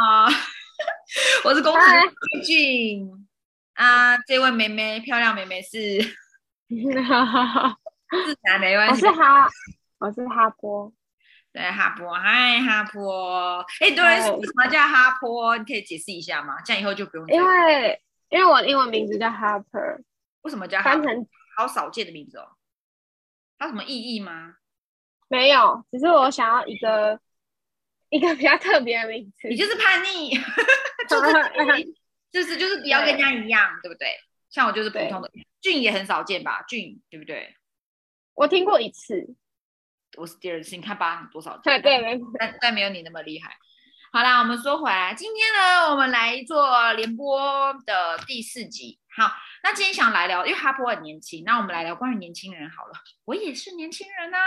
啊， 我是公程俊。啊、呃，這位妹妹，漂亮妹妹是，哈哈沒關係。我是哈，我是哈波。對，哈波，嗨，哈波。哎，對，oh. 什麼叫哈波？你可以解釋一下嗎？這樣以後就不用。因為，因為我的英文名字叫 Harper 為什麼叫哈？翻譯好少見的名字哦。它什麼意義嗎？沒有，只是我想要一個。一個比較特別的名詞，你就是叛逆。 就是自 就是就是不要跟人家一樣，對，對不對？像我就是普通的俊也很少見吧，俊，對不對？我聽過一次，我是第二次。你看吧，多少次？對對，但但沒有你那麼厲害。 好啦，我們說回來，今天呢，我們來做聯播的第四集。好，那今天想來聊，因為哈潑很年輕，那我們來聊關於年輕人好了。我也是年輕人啊，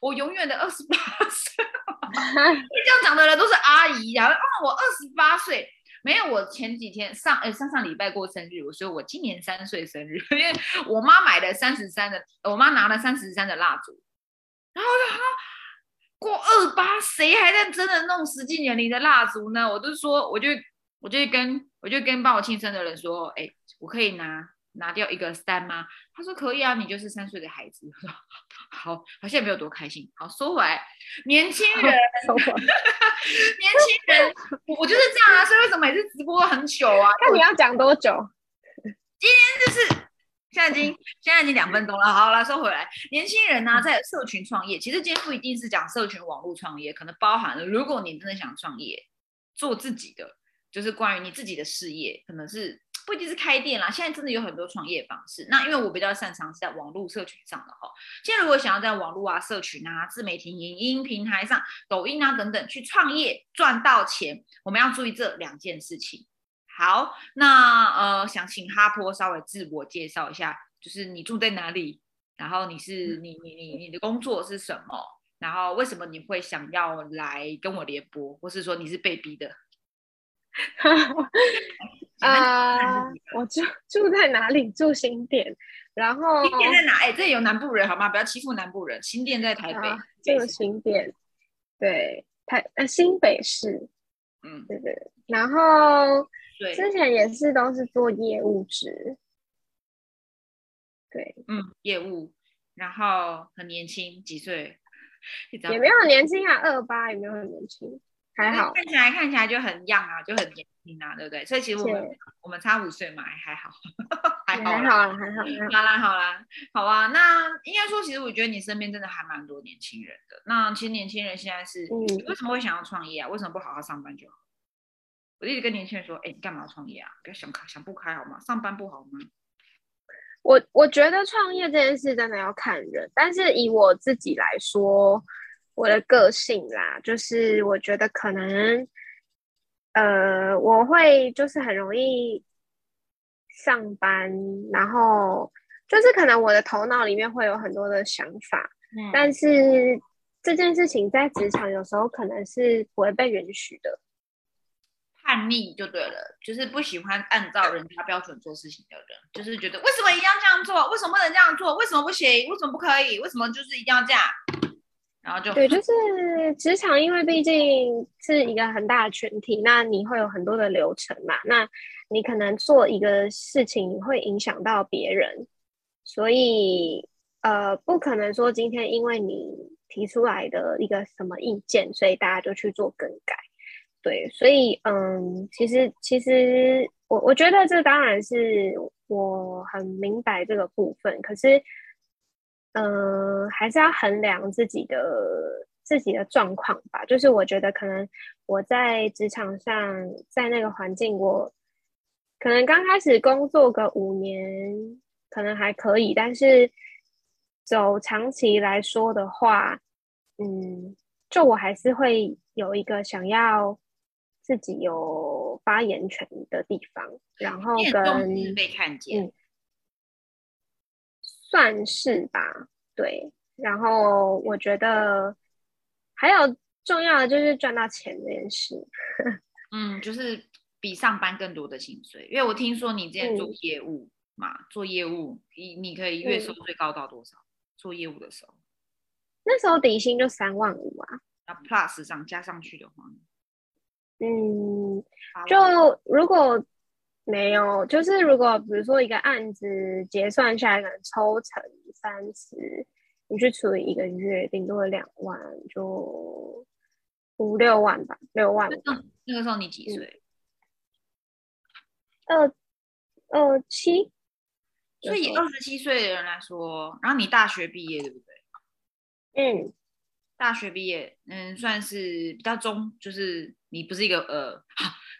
我永遠的二十八歲。 因為這樣講的人都是阿姨呀！啊，哦、我二十八歲，沒有，我前幾天上，哎、呃，上上禮拜過生日，我說我今年三歲生日，因為我媽買了33的三十三的，我媽拿了三十三的蠟燭，然後她說、啊、過二八，誰還在真的弄實際年齡的蠟燭呢？我就說，我就我就跟我就跟幫我慶生的人說，哎，我可以拿。拿掉一個三嗎？他說可以啊，你就是三歲的孩子， 好好像也沒有多開心。好，收回來，年輕人， 年輕人， 我就是這樣啊。所以為什麼每次直播很久啊？那你要講多久？今天就是現在已經現在已經兩分鐘了。好了，收回來，年輕人呢、啊，在社群創業，其實今天不一定是講社群網絡創業，可能包含了如果你真的想創業，做自己的，就是關於你自己的事業，可能是。不一定是開店啦，現在真的有很多創業方式。那因為我比較擅長是在網絡社群上的哈。現在如果想要在網絡啊、社群啊、自媒體、影音平台上、抖音啊等等去創業賺到錢，我們要注意這兩件事情。好，那呃，想請哈潑稍微自我介紹一下，就是你住在哪裡，然後你是你你你你的工作是什麼，然後為什麼你會想要來跟我聯播，或是說你是被逼的？啊 ，uh, 我住住在哪裡？住新店，然後新店在哪？哎、欸，這裡有南部人好嗎？不要欺負南部人。新店在台北，啊、北這個新店，對，台呃新北市，嗯，對對。然後對之前也是都是做業務職對，嗯，業務，然後很年輕，幾歲？也沒有很年輕啊，二八也沒有很年輕。還好，看起來看起來就很樣啊，就很年輕啊，對不對？所以其實我們我們差五歲嘛，還好，還好，還好，還好了好了、啊，好啊。那應該說，其實我覺得你身邊真的還蠻多年輕人的。那其實年輕人現在是、嗯、為什麼會想要創業啊？為什麼不好好上班就好？我一直跟年輕人說，哎、欸，你幹嘛要創業啊？不要想開，想不開好嗎？上班不好嗎？我我覺得創業這件事真的要看人，但是以我自己來說。我的個性啦，就是我覺得可能，呃，我會就是很容易上班，然後就是可能我的頭腦裡面會有很多的想法，嗯，但是這件事情在職場有時候可能是不會被允許的，叛逆就對了，就是不喜歡按照人家標準做事情的人，就是覺得為什麼一定要這樣做？為什麼不能這樣做？為什麼不行？為什麼不可以？為什麼就是一定要這樣？對，就是職場，因為畢竟是一個很大的群體，那你會有很多的流程嘛，那你可能做一個事情會影響到別人，所以呃，不可能說今天因為你提出來的一個什麼意見，所以大家就去做更改。對，所以嗯，其實其實我我覺得這當然是我很明白這個部分，可是。嗯、呃，還是要衡量自己的自己的狀況吧。就是我覺得，可能我在職場上，在那個環境我，我可能剛開始工作個五年，可能還可以。但是走長期來說的話，嗯，就我還是會有一個想要自己有發言權的地方，然後跟被看見。算是吧，對。然後我覺得還有重要的就是賺到錢這件事，嗯，就是比上班更多的薪水。因為我聽說你之前做業務嘛，嗯、做業務你你可以月收最高到多少？嗯？做業務的時候，那時候底薪就三萬五啊，那 plus 上加上去的話，嗯，就如果。沒有，就是如果比如說一個案子結算下來，可能抽成三十，你去除以一個月，頂多兩萬，就五六萬吧，六萬,萬。那那個時候你幾歲、嗯？二二七。所以二十七歲的人來說,說，然後你大學畢業對不對？嗯，大學畢業，嗯，算是比較中，就是你不是一個呃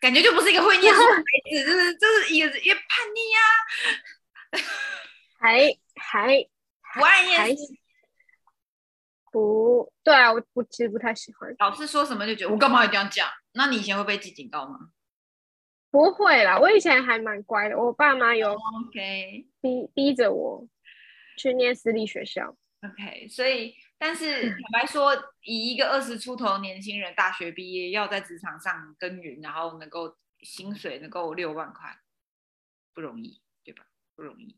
感覺就不是一個會念書的孩子，就 是就是一個越叛逆呀，、啊 還還不愛念書，不，對啊，我我其實不太喜歡，老師說什麼就覺得我幹嘛一定要講？那你以前會被記警告嗎？不會啦，我以前還蠻乖的，我爸媽有 OK 逼，、oh, okay. 逼着我去念私立學校 Okay，所以。但是坦白說，以一個二十出頭年輕人大學畢業，要在職場上耕耘，然後能夠薪水能夠六萬塊，不容易，對吧？不容易。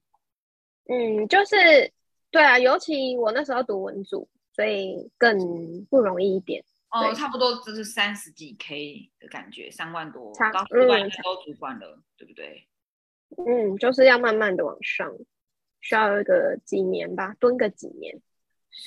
嗯，就是對啊，尤其我那時候讀文組，所以更不容易一點。哦、嗯，差不多就是三十幾 K 的感覺，三萬多，差不多，二萬都主管了，對不對？嗯，就是要慢慢的往上，需要一個幾年吧，蹲個幾年。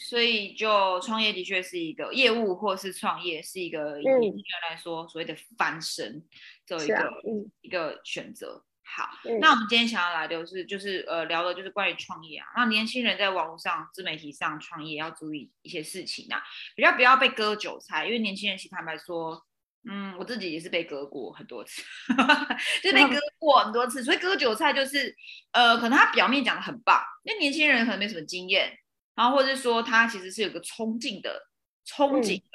所以，就創業的確是一個業務，或是創業是一個以年輕人來說、嗯、所謂的翻身，的一個、啊嗯、一個選擇。好、嗯，那我們今天想要來就是就是呃聊的就是,、就是呃、就是關於創業啊。那年輕人在網絡上自媒體上創業要注意一些事情啊，比較不要被割韭菜，因為年輕人其實坦白說，嗯，我自己也是被割過很多次， 就被割過很多次。所以割韭菜就是呃，可能他表面講的很棒，那年輕人可能沒什麼經驗。然後，或者是說他其實是有個衝勁的，憧憬的，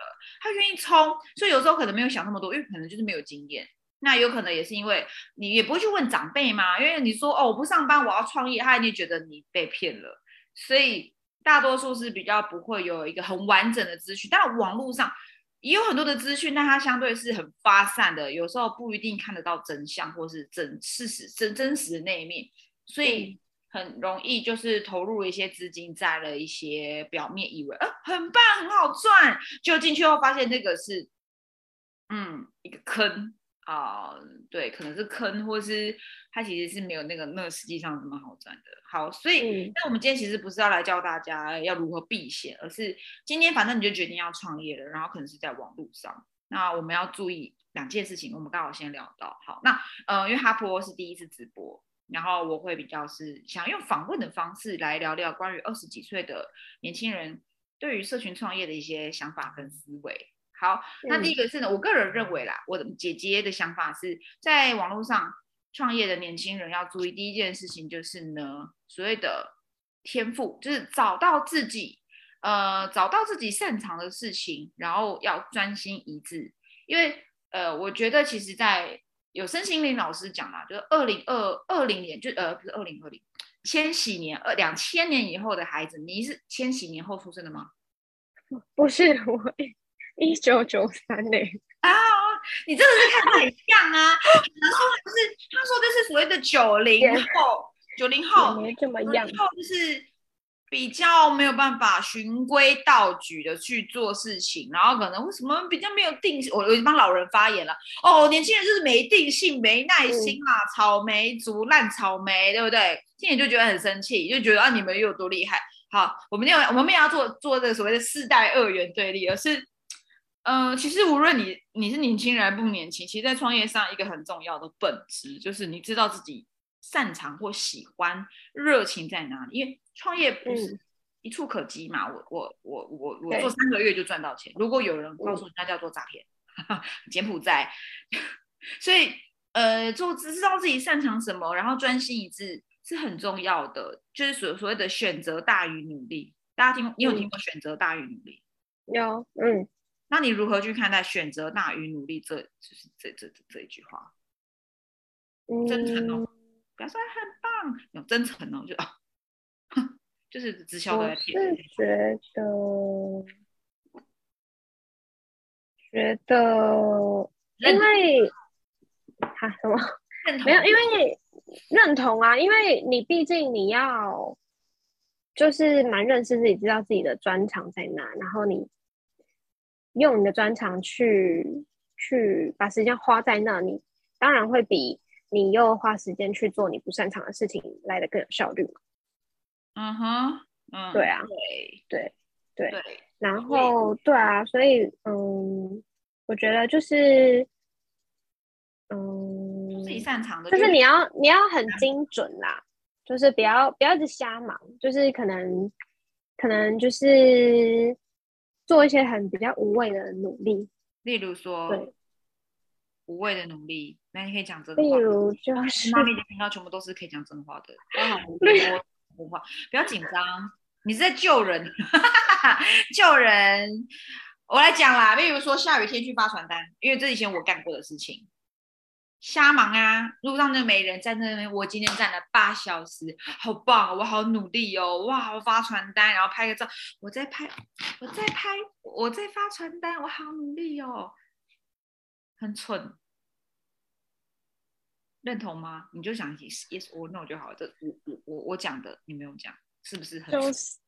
他願意衝，所以有時候可能沒有想那麼多，因為可能就是沒有經驗。那有可能也是因為你也不會去問長輩嘛，因為你說哦，我不上班，我要創業，他一定覺得你被騙了。所以大多數是比較不會有一個很完整的資訊。當然，網絡上也有很多的資訊，但它相對是很發散的，有時候不一定看得到真相，或是真事實真真實的那一面。所以。嗯很容易就是投入了一些資金，在了一些表面以為啊很棒很好賺，就進去後發現這個是嗯一個坑啊、呃，對，可能是坑，或是它其實是沒有那個那個實際上那麼好賺的。好，所以那、嗯、我們今天其實不是要來教大家要如何避險，而是今天反正你就決定要創業了，然後可能是在網路上，那我們要注意兩件事情。我們剛好先聊到好，那嗯、呃，因為哈潑是第一次直播。然後我會比較是想用訪問的方式來聊聊關於二十幾歲的年輕人對於社群創業的一些想法跟思維。好，那第一個是呢，我個人認為啦，我的姐姐的想法是在網絡上創業的年輕人要注意第一件事情就是呢，所謂的天賦就是找到自己，呃，找到自己擅長的事情，然後要專心一致，因為呃，我覺得其實在。有身心靈老師講嘛，就是二零二二零年，就呃不是二零二零，2020, 千禧年二兩千年以後的孩子，你是千禧年後出生的嗎？不是，我一九九三年啊，oh, 你真的是看他很像啊， 他說就是他說就是所謂的九零後，九零後，yeah. 九零後，九零後， 九零後就是。比較沒有辦法循規蹈矩的去做事情，然後可能為什麼比較沒有定性？我已經幫老人發言了哦，年輕人就是沒定性、沒耐心啊、嗯、草莓族爛草莓，對不對？青年就覺得很生氣，就覺得啊，你們又有多厲害。好，我們要我們也要做做這個所謂的世代二元對立，而是，嗯、呃，其實無論你你是年輕人還不年輕，其實在創業上一個很重要的本質就是你知道自己擅長或喜歡熱情在哪裡，因為。創業不是一觸可及嘛？嗯、我我我我我做三個月就賺到錢。如果有人告訴你那叫做詐騙， 柬埔寨， 所以呃做自知道自己擅長什麼，然後專心一致是很重要的。就是所所謂的選擇大於努力。大家聽過、嗯，你有聽過選擇大於努力？有，嗯，那你如何去看待選擇大於努力這？這就是這這這這，這，這一句話，嗯、真誠哦，表示很棒，有真誠哦就啊。就是直銷，我是覺得，覺得，因為，哈什麼？沒有，因為認同啊，因為你畢竟你要，就是蠻認識自己，知道自己的專長在哪，然後你用你的專長去去把時間花在那裡，當然會比你又花時間去做你不擅長的事情來的更有效率嘛。嗯哼嗯，對啊，對對對，對，然後對，對啊，所以嗯，我覺得就是嗯，就是、擅長的就是，是你要你要很精準啦，嗯、就是不要不要一直瞎忙，就是可能可能就是做一些很比較無謂的努力，例如說，對，無謂的努力，那你可以講真話，例如就是媽咪的頻道全部都是可以講真的話的，剛好我。 不要緊張，你是在救人， 救人。我來講啦，比如說下雨天去發傳單，因為這以前我幹過的事情。瞎忙啊，路上就沒人站在那邊，我今天站了八小時，好棒，我好努力哦，哇，我發傳單，然後拍個照，我在拍，我在拍，我在發傳單，我好努力哦，很蠢。認同嗎？你就想起 yes or no 就好。這我我我我講的，你沒有講，是不是很？就是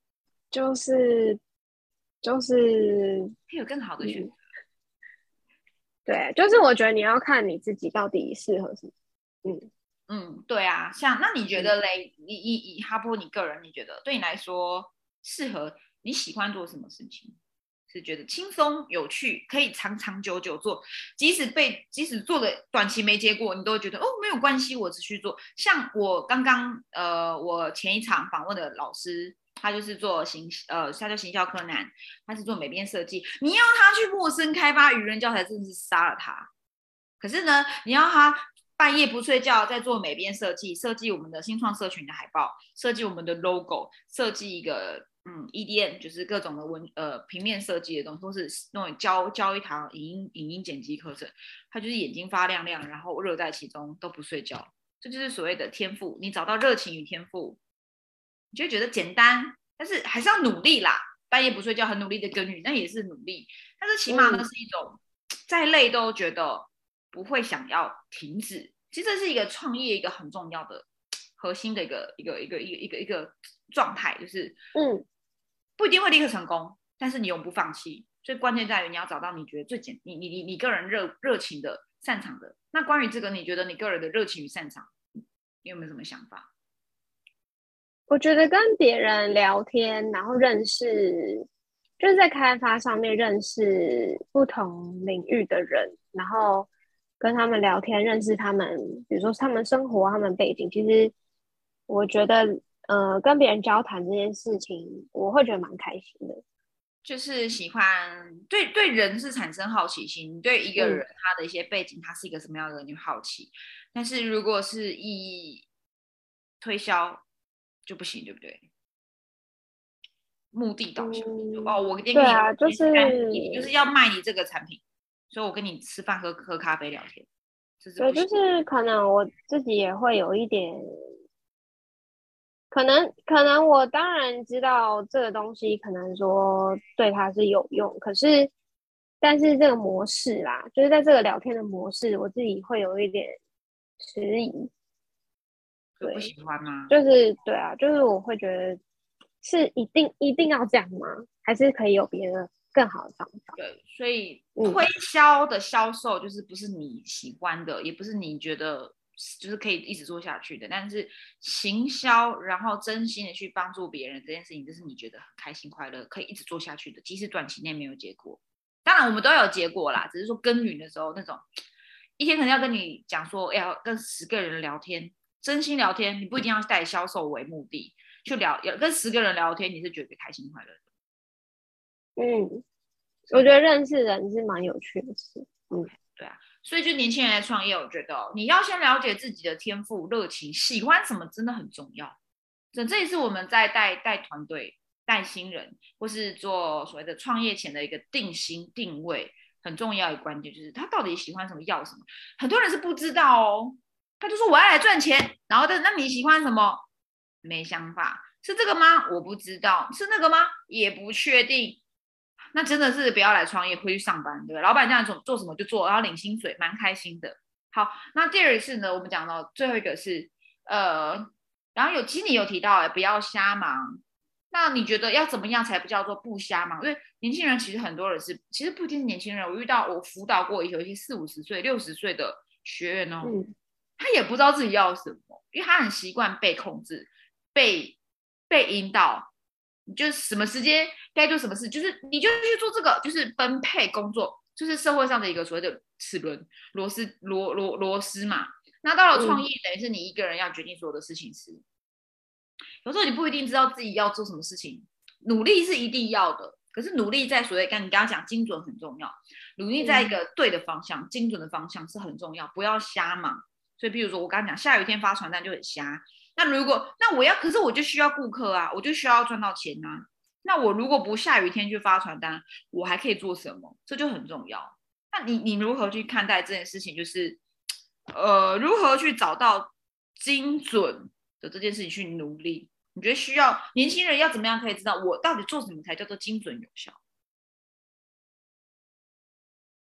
就是就是，就是、有更好的選擇、嗯。對，就是我覺得你要看你自己到底適合什麼。嗯嗯，對啊。像那你覺得嘞？你以以哈潑你個人，你覺得對你來說適合你喜歡做什麼事情？是覺得輕鬆有趣，可以長長久久做，即使被即使做的短期沒結果，你都會覺得哦，沒有關係，我繼續做。像我剛剛呃，我前一場訪問的老師，他就是做形呃，他叫行銷柯南，他是做美編設計。你要他去陌生開發語文教材，真的是殺了他。可是呢，你要他半夜不睡覺在做美編設計，設計我們的新創社群的海報，設計我們的 logo，設計一個。嗯，E D N 就是各種的文呃，平面設計的東西，都是那種教教一堂影音影音剪輯課程，他就是眼睛發亮亮，然後樂在其中都不睡覺，這就是所謂的天賦。你找到熱情與天賦，你就覺得簡單，但是還是要努力啦。半夜不睡覺，很努力的耕耘，那也是努力。但是起碼呢，是一種再累、嗯、都覺得不會想要停止。其實這是一個創業一個很重要的核心的一個一個一個一個一個一個，一個狀態，就是嗯。不一定會立刻成功，但是你永不放棄。所以關鍵在於你要找到你覺得最簡，你你你你個人熱熱情的、擅長的。那關於這個，你覺得你個人的熱情與擅長，你有沒有什麼想法？我覺得跟別人聊天，然後認識，就是在開發上面認識不同領域的人，然後跟他們聊天，認識他們，比如說他們生活、他們背景。其實我覺得。呃，跟別人交談這件事情，我會覺得蠻開心的，就是喜歡對對人是產生好奇心，對一個人他的一些背景，他是一個什麼樣的人，你好奇、嗯。但是如果是以推銷就不行，對不對？目的導向哦，我跟你對、啊、就是你就是要賣你這個產品，所以我跟你吃飯喝、喝喝咖啡、聊天。我、就是、就是可能我自己也會有一點、嗯。可能可能，可能我當然知道這個東西可能說對他是有用，可是，但是這個模式啦，就是在這個聊天的模式，我自己會有一點遲疑。對，不喜歡嗎？就是對啊，就是我會覺得是一定一定要這樣嗎？還是可以有別的更好的方法？對，所以推銷的銷售就是不是你喜歡的，嗯、也不是你覺得。就是可以一直做下去的。但是行銷，然後真心的去幫助別人這件事情，就是你覺得很開心快樂，可以一直做下去的，即使短期內沒有結果。當然我們都有結果啦，只是說耕耘的時候，那種一天可能要跟你講說要、哎、跟十個人聊天，真心聊天，你不一定要帶銷售為目的、嗯、去聊，要跟十個人聊天，你是覺得開心快樂的。嗯，我覺得認識人是蠻有趣的事。嗯，okay, 對啊。所以，就年輕人來創業，我覺得、哦、你要先了解自己的天賦、熱情、喜歡什麼，真的很重要。所以這也是我們在帶帶團隊、帶新人，或是做所謂的創業前的一個定心定位，很重要的一觀點就是他到底喜歡什麼、要什麼。很多人是不知道哦，他就說我要來賺錢，然後他那你喜歡什麼？沒想法，是這個嗎？我不知道，是那個嗎？也不確定。那真的是不要來創業，可以去上班，對吧？老闆這樣做做什麼就做，然後領薪水，蠻開心的。好，那第二個是呢，我們講到最後一個是，呃，然後有基尼有提到哎、欸，不要瞎忙。那你覺得要怎麼樣才不叫做不瞎忙？因為年輕人其實很多人是，其實不一定是年輕人，我遇到我輔導過有一些四五十歲、六十歲的學員哦，他也不知道自己要什麼，因為他很習慣被控制、被被引導。就是什麼時間該做什麼事，就是你就去做這個，就是分配工作，就是社會上的一個所謂的齒輪螺絲螺螺螺絲嘛。那到了創業，嗯、等於是你一個人要決定所有的事情是。有時候你不一定知道自己要做什麼事情，努力是一定要的。可是努力在所謂幹，跟你剛剛講精準很重要，努力在一個對的方向、精準的方向是很重要，不要瞎忙。所以，譬如說我剛剛講下雨天發傳單就很瞎。那如果，那我要，可是我就需要顧客啊，我就需要賺到錢啊。那我如果不下雨天去發傳單，我還可以做什麼？這就很重要。那你你如何去看待這件事情？就是呃，如何去找到精準的這件事情去努力？你覺得需要年輕人要怎麼樣可以知道我到底做什麼才叫做精準有效？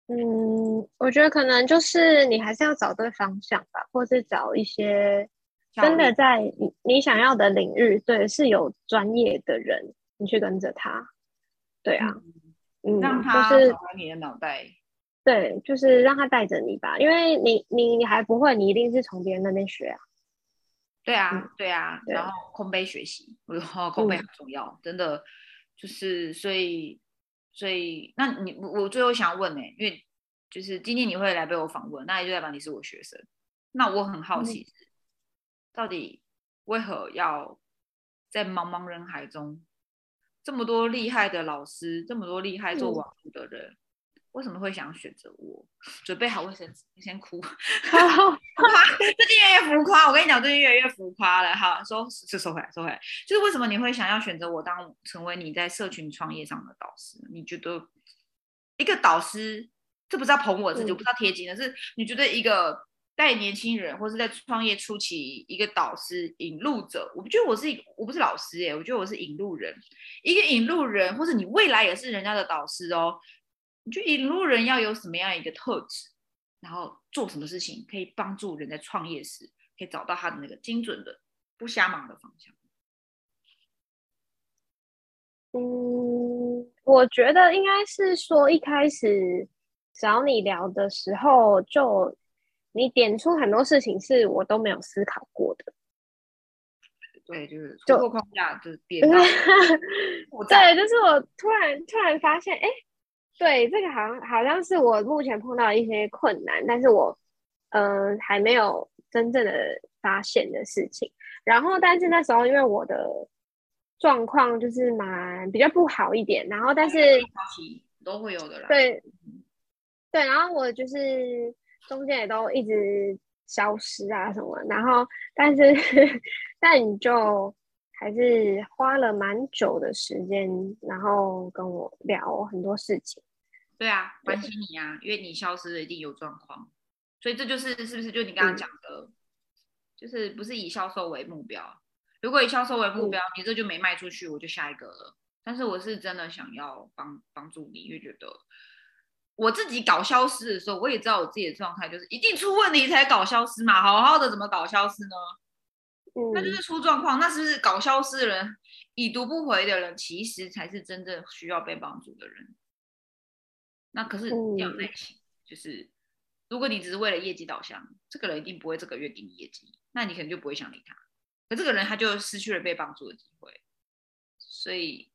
嗯，我覺得可能就是你還是要找對方向吧，或是找一些。嗯真的在你你想要的領域，對，是有專業的人，你去跟着他，對啊，嗯，嗯，讓他把你的腦袋、就是，對，就是讓他帶着你吧，因為你你你還不會，你一定是從別人那邊學啊，對啊、嗯，對啊，然後空杯學習，哇， 空杯很重要，嗯、真的，就是所以所以那你我最後想要問你、欸、因為就是今天你會來被我訪問，那也就代表你是我學生，那我很好奇。嗯到底為何要在茫茫人海中，這麼多厲害的老師，這麼多厲害做網路的人，嗯，為什麼會想選擇我？準備好，衛生紙，你先哭。最近越來越浮誇、嗯，我跟你講，最近越來越浮誇了。好，收，這收回來，收回來。就是為什麼你會想要選擇我當成為你在社群創業上的導師？你覺得一個導師，這不是要捧我自己，我、嗯、不知道貼金的是，你覺得一個。帶年輕人，或者是在創業初期，一個導師、引路者。我不覺得我是，我不是老師哎、欸，我覺得我是引路人。一個引路人，或者你未來也是人家的導師哦。你就引路人要有什麼樣一個特質？然後做什麼事情可以幫助人在創業時，可以找到他的那個精準的、不瞎忙的方向？嗯，我覺得應該是說一開始找你聊的時候就。你點出很多事情是我都沒有思考過的，對，就是工作框架就，就點到 對，就是我突然突然發現，哎、欸，對，這個好像好像是我目前碰到的一些困難，但是我嗯、呃、還沒有真正的發現的事情。然後，但是那時候因為我的狀況就是蠻比較不好一點，然後但是，嗯、對對，對，都會有的啦，然後我就是。中間也都一直消失啊什麼，然後但是但你就還是花了蠻久的時間，然後跟我聊很多事情。對啊，關心你啊，因為你消失了一定有狀況，所以這就是是不是就你剛剛講的、嗯，就是不是以銷售為目標？如果以銷售為目標、嗯，你這就沒賣出去，我就下一個了。但是我是真的想要幫幫助你，因為覺得。我自己搞消失的時候，我也知道我自己的狀態，就是一定出問題才搞消失嘛。好好的怎麼搞消失呢？嗯、那就是出狀況，那是不是搞消失的人、已讀不回的人，其實才是真正需要被幫助的人？那可是、嗯、就是如果你只是為了業績導向，這個人一定不會這個月給你業績，那你可能就不會想理他。可這個人他就失去了被幫助的機會，所以，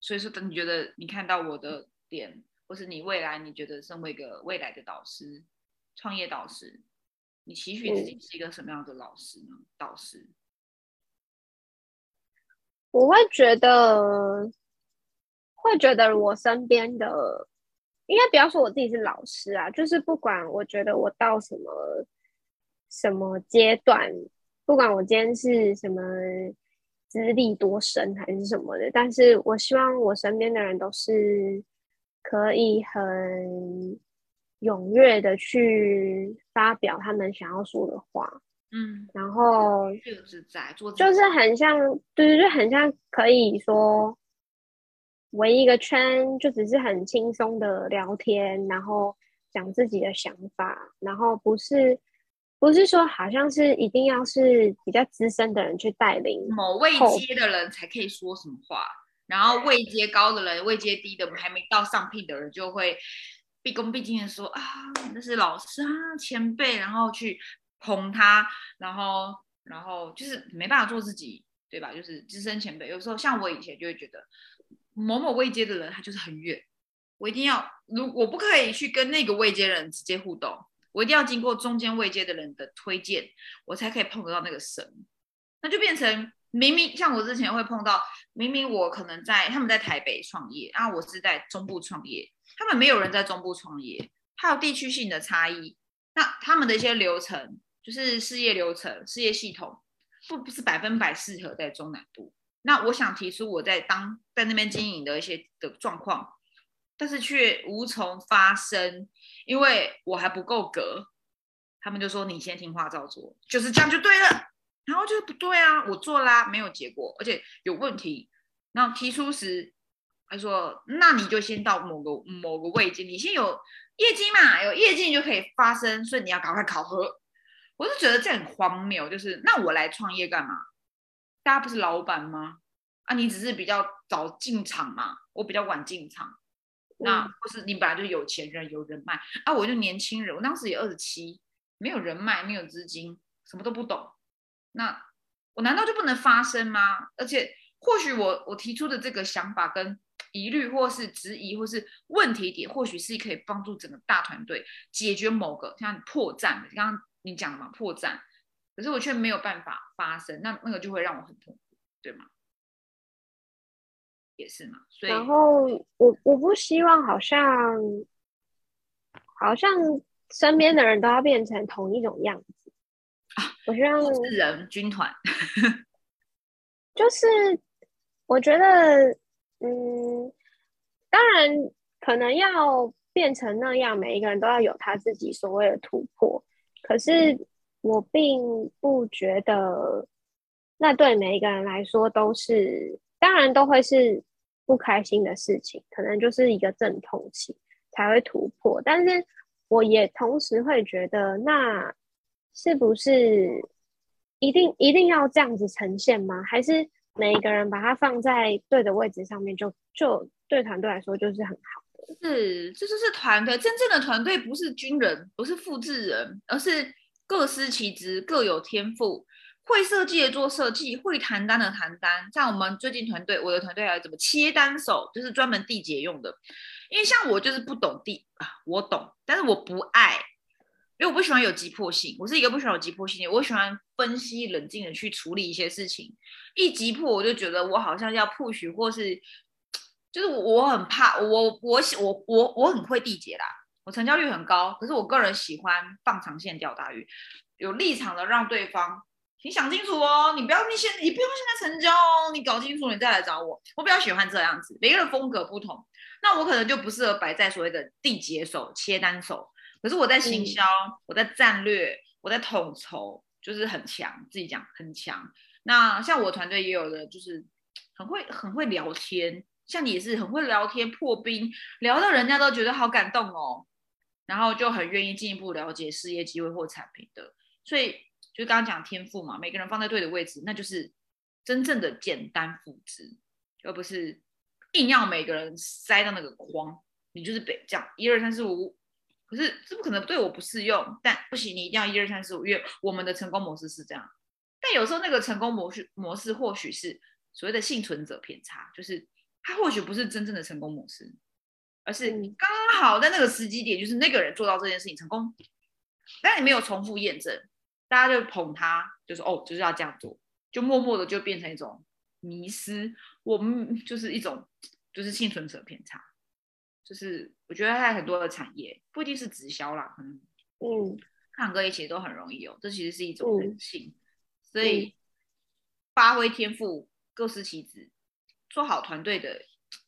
所以說，等你覺得你看到我的點？嗯或是你未來，你覺得身為一個未來的導師、創業導師，你期許自己是一個什麼樣的老師呢？嗯、導師，我會覺得，會覺得我身邊的，應該不要說我自己是老師啊，就是不管我覺得我到什麼什麼階段，不管我今天是什麼資歷多深還是什麼的，但是我希望我身邊的人都是。可以很踴躍的去發表他們想要說的話，嗯，然後就是很像，對對，這個，就是很像，就是很像可以說圍一個圈，就只是很輕鬆的聊天，然後講自己的想法，然後不是不是說好像是一定要是比較資深的人去帶領某位階的人才可以說什麼話。然後位階高的人，位階低的，我還沒到上聘的人，就會畢恭畢敬的說啊，那是老師啊，前輩，然後去捧他，然後，然後就是沒辦法做自己，對吧？就是資深前輩。有時候像我以前就會覺得，某某位階的人他就是很遠，我一定要，如果我不可以去跟那個位階的人直接互動，我一定要經過中間位階的人的推薦，我才可以碰得到那個神，那就變成。明明像我之前會碰到，明明我可能在他們在台北創業，啊，我是在中部創業，他們沒有人在中部創業，還有地區性的差異，那他們的一些流程就是事業流程、事業系統，不不是百分百適合在中南部。那我想提出我在當在那邊經營的一些的狀況，但是卻無從發聲，因為我還不夠格。他們就說你先聽話照做，就是這樣就對了。然後就是不對啊，我做啦，啊、沒有結果，而且有問題。然後提出時，他說：“那你就先到某個某個位置，你先有業績嘛，有業績就可以發聲，所以你要趕快考核。”我就覺得這很荒謬，就是那我來創業幹嘛？大家不是老板嗎？啊，你只是比較早進場嘛，我比較晚進場。嗯、那或是你本來就有錢人有人脈啊，我就年輕人，我當時也二十七，沒有人脈，沒有資金，什麼都不懂。那我難道就不能發聲嗎？而且，或許我我提出的這個想法，跟疑慮，或是質疑，或是問題點，或許是可以幫助整個大團隊解決某個像破綻的。剛剛你講的嘛，破綻。可是我卻沒有辦法發聲，那那個就會讓我很痛苦，對嗎？也是嘛。所以，然後我我不希望好像好像身邊的人都要變成同一種樣子。我是人軍團，就是我覺得，嗯，當然可能要變成那樣，每一個人都要有他自己所謂的突破。可是我並不覺得，那對每一個人來說都是，當然都會是不開心的事情，可能就是一個陣痛期才會突破。但是我也同時會覺得那。是不是一定一定要這樣子呈現嗎？還是每一個人把它放在對的位置上面就，就就對團隊來說就是很好的？是，這就是團隊真正的團隊，不是軍人，不是複製人，而是各司其職，各有天賦。會設計的做設計，會談單的談單。像我們最近團隊，我的團隊還有什麼切單手，就是專門締結用的。因為像我就是不懂地啊，我懂，但是我不愛。因為我不喜歡有急迫性，我是一個不喜歡有急迫性的。我喜歡分析、冷靜的去處理一些事情。一急迫，我就覺得我好像要 push，或是就是我很怕我我我我我很會締結啦，我成交率很高。可是我個人喜歡放長線釣大魚，有立場的讓對方你想清楚哦，你不要你先，你不用現在成交哦，你搞清楚你再來找我。我比較喜歡這樣子，每個人風格不同，那我可能就不適合擺在所謂的締結手、切單手。可是我在行銷、嗯，我在戰略，我在統籌，就是很強，自己講很強。那像我團隊也有的就是很會很會聊天，像你也是很會聊天破冰，聊到人家都覺得好感動哦，然後就很願意進一步了解事業機會或產品的。所以就剛剛講天賦嘛，每個人放在對的位置，那就是真正的簡單複製，而不是硬要每個人塞到那個框，你就是被這樣一二三四五。1, 2, 3, 4, 5, 可是，這不可能對我不適用。但不行，你一定要一二三四五，因為我們的成功模式是這樣。但有時候那個成功模式模式或許是所謂的倖存者偏差，就是他或許不是真正的成功模式，而是你剛好在那個時機點，就是那個人做到這件事情成功，但你沒有重複驗證，大家就捧他，就是哦，就是要這樣做，就默默的就變成一種迷思。我們就是一種，就是倖存者偏差，就是。我覺得還有很多的產業，不一定是直銷啦，可能嗯，各行各業都很容易有，這其實是一種人性，嗯、所以發揮天賦，各司其職，做好團隊的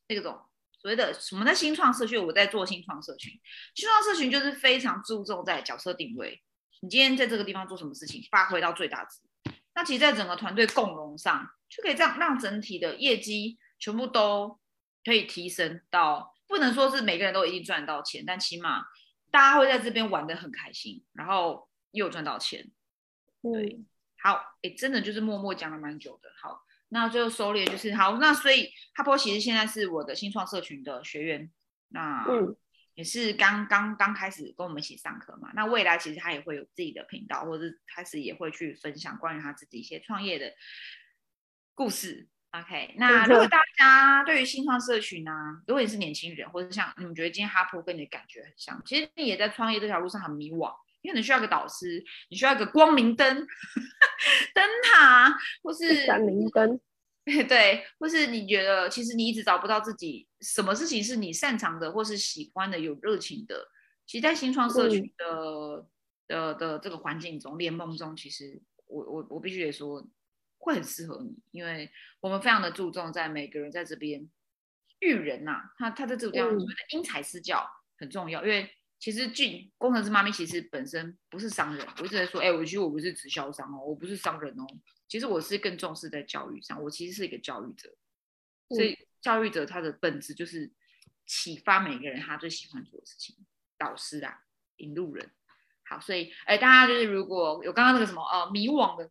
那個、種所謂的什麼的新創社群，我在做新創社群，新創社群就是非常注重在角色定位，你今天在這個地方做什麼事情，發揮到最大值，那其實在整個團隊共榮上，就可以這樣讓整體的業績全部都可以提升到，不能說是每個人都一定賺到錢，但起碼大家會在這邊玩得很開心，然後又賺到錢。對，嗯、好誒，真的就是默默講了蠻久的。好，那最後收尾就是好。那所以哈潑其實現在是我的新創社群的學員，那也是剛剛剛開始跟我們一起上課嘛。那未來其實他也會有自己的頻道，或是開始也會去分享關於他自己一些創業的故事。OK，那如果大家對於新創社群呢，如果你是年輕人，或者像你們覺得今天哈潑跟你的感覺很像，其實你也在創業這條路上很迷惘，因為你需要一個導師，你需要一個光明燈、燈塔，或是閃明燈，對，或是你覺得其實你一直找不到自己什麼事情是你擅長的，或是喜歡的，有熱情的。其實，在新創社群的、嗯、的的這個環境中，聯盟中，其實我我我必須得說。會很適合你，因為我們非常的注重在每個人在這邊育人吶、啊，他他在這個地方覺得因材施教很重要，嗯、因為其實俊工程師媽咪其實本身不是商人，我一直在說，哎、欸，我覺得我不是直銷商哦，我不是商人哦，其實我是更重視在教育上，我其實是一個教育者。所以教育者他的本質就是啟發每個人他最喜歡做的事情，導師啊，引路人。好，所以哎、欸，大家就是如果有剛剛那個什麼呃迷惘的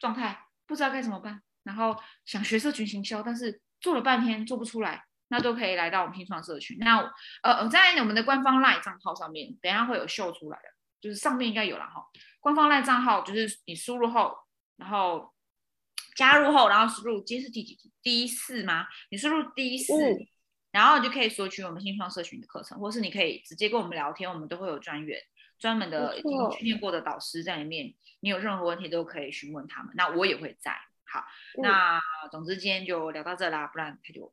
狀態，不知道該怎麼辦，然後想學社群行銷，但是做了半天做不出來，那都可以來到我們新創社群。那呃，在我們的官方 LINE 賬號上面，等下會有秀出來的，就是上面應該有了哈。官方 LINE 賬號就是你輸入後，然後加入後，然後輸入，今天是第幾次？D4 嗎？你輸入 D4、哦，然後就可以索取我們新創社群的課程，或是你可以直接跟我們聊天，我們都會有專員。專門的已經訓練過的導師在裡面，你有任何問題都可以詢問他們。那我也會在。好，嗯、那總之今天就聊到這啦，不然他就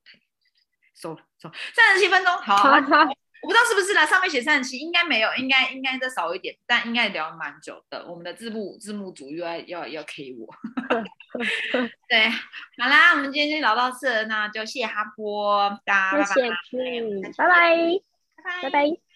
收了，收三十七分鐘、啊。好，我不知道是不是啦，上面寫三十七，應該沒有，應該應該再少一點，但應該聊蠻久的。我們的字幕字幕組又要要要 K 我。 對，好啦，我們今天就聊到這，那就謝謝哈潑，大家謝謝，拜拜，拜拜，拜拜。Bye bye bye bye bye bye bye bye